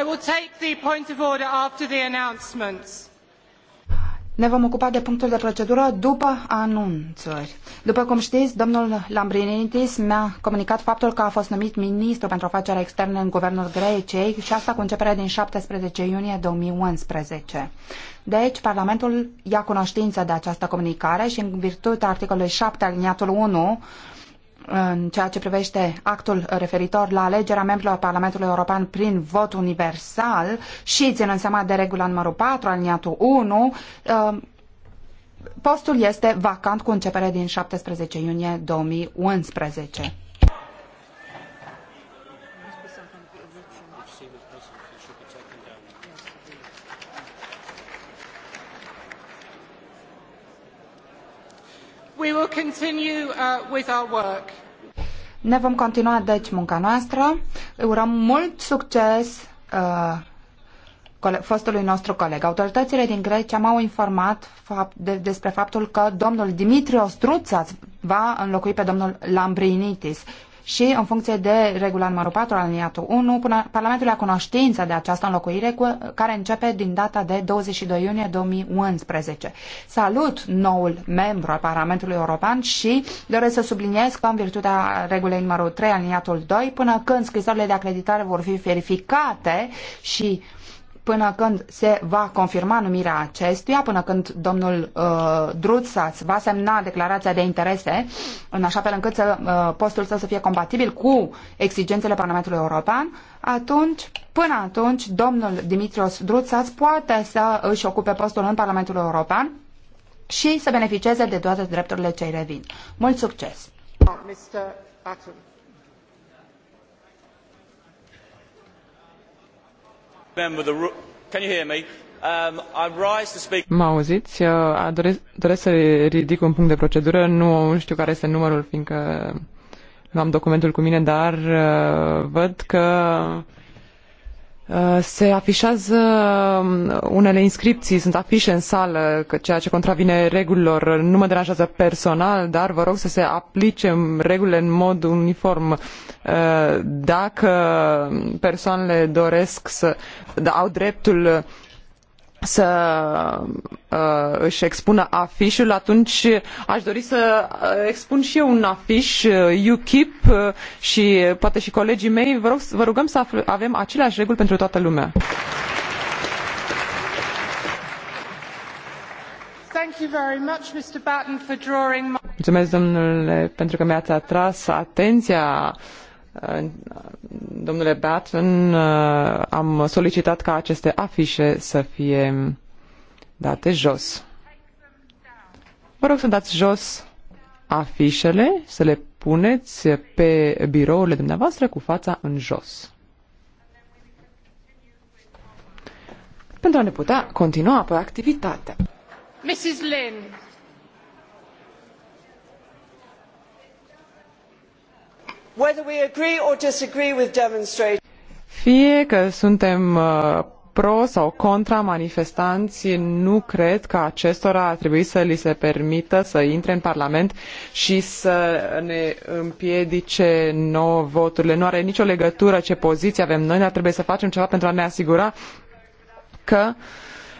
I will take the point of order after the announcements. Ne vom ocupa de punctul de procedură după anunțuri. După cum știți, domnul Lambrinidis mi-a comunicat faptul că a fost numit ministru pentru afaceri externe în guvernul Greciei și asta cu începerea din 17 iunie 2011. Deci, Parlamentul ia cunoștință de această comunicare și în virtutea articolului 7 aliniatul 1 în ceea ce privește actul referitor la alegerea membrilor Parlamentului European prin vot universal și ținând seama de regula numărul 4, aliniatul 1, uh, postul este vacant cu începere din 17 iunie 2011. Uh, ne vom continua deci munca noastră. Urăm mult succes uh, fostului nostru coleg. Autoritățile din Grecia m-au informat fapt, de, despre faptul că domnul Dimitrios Struțas va înlocui pe domnul Lambrinitis și, în funcție de regula numărul 4 aliniatul 1, până Parlamentul ia cunoștință de această înlocuire cu, care începe din data de 22 iunie 2011. Salut noul membru al Parlamentului European și doresc să subliniez că, în virtutea regulei numărul 3 aliniatul 2, până când scrisorile de acreditare vor fi verificate și uh, până când se va confirma numirea acestuia, până când domnul uh, Druțas va semna declarația de interese, în așa fel încât să, uh, postul său să fie compatibil cu exigențele Parlamentului European, atunci, până atunci, domnul Dimitrios Druțas poate să își ocupe postul în Parlamentul European și să beneficieze de toate drepturile ce îi revin. Mult succes! Mr. Atom. Um, mă auziți? Doresc, doresc să ridic un punct de procedură. Nu știu care este numărul, fiindcă nu am documentul cu mine, dar uh, văd că Uh, se afișează um, unele inscripții, sunt afișe în sală, ceea ce contravine regulilor. Nu mă deranjează personal, dar vă rog să se aplice um, regulile în mod uniform. Uh, dacă persoanele doresc să da, au dreptul să uh, își expună afișul, atunci aș dori să uh, expun și eu un afiș uh, UKIP uh, și poate și colegii mei. Vă, rog, vă rugăm să avem aceleași reguli pentru toată lumea. Mulțumesc, domnule, pentru că mi-ați atras atenția uh, domnule Batman, uh, am solicitat ca aceste afișe să fie date jos. Vă rog să dați jos afișele, să le puneți pe birourile dumneavoastră cu fața în jos. Pentru a ne putea continua apoi activitatea. Mrs. Lynn. Fie că suntem uh, pro sau contra manifestanții, nu cred că acestora ar trebui să li se permită să intre în Parlament și să ne împiedice nouă voturile. Nu are nicio legătură ce poziție avem noi, dar trebuie să facem ceva pentru a ne asigura că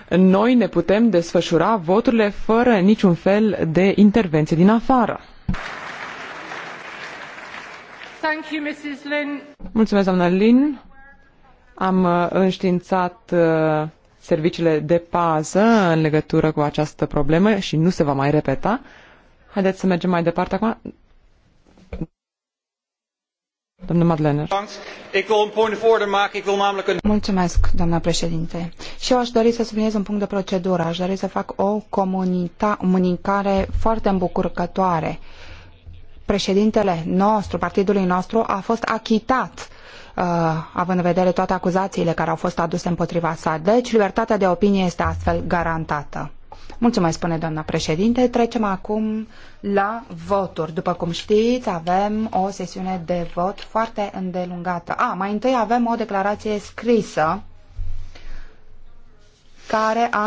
noi ne putem desfășura voturile fără niciun fel de intervenție din afară. Mulțumesc, doamna Lin. Am uh, înștiințat uh, serviciile de pază în legătură cu această problemă și nu se va mai repeta. Haideți să mergem mai departe acum. Mulțumesc, doamna președinte. Și eu aș dori să subliniez un punct de procedură. Aș dori să fac o comunicare foarte îmbucurcătoare. Uh, președintele nostru, partidului nostru, a fost achitat uh, având în vedere toate acuzațiile care au fost aduse împotriva sa. Deci, libertatea de opinie este astfel garantată. Mulțumesc, spune doamna președinte. Trecem acum la voturi. După cum știți, avem o sesiune de vot foarte îndelungată. A, mai întâi avem o declarație scrisă care a